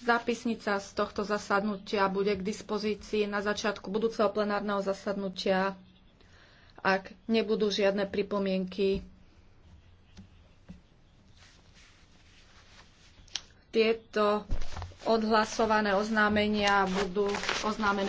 Zápisnica z tohto zasadnutia bude k dispozícii na začiatku budúceho plenárneho zasadnutia, ak nebudú žiadne pripomienky. Tieto odhlasované oznámenia budú oznámené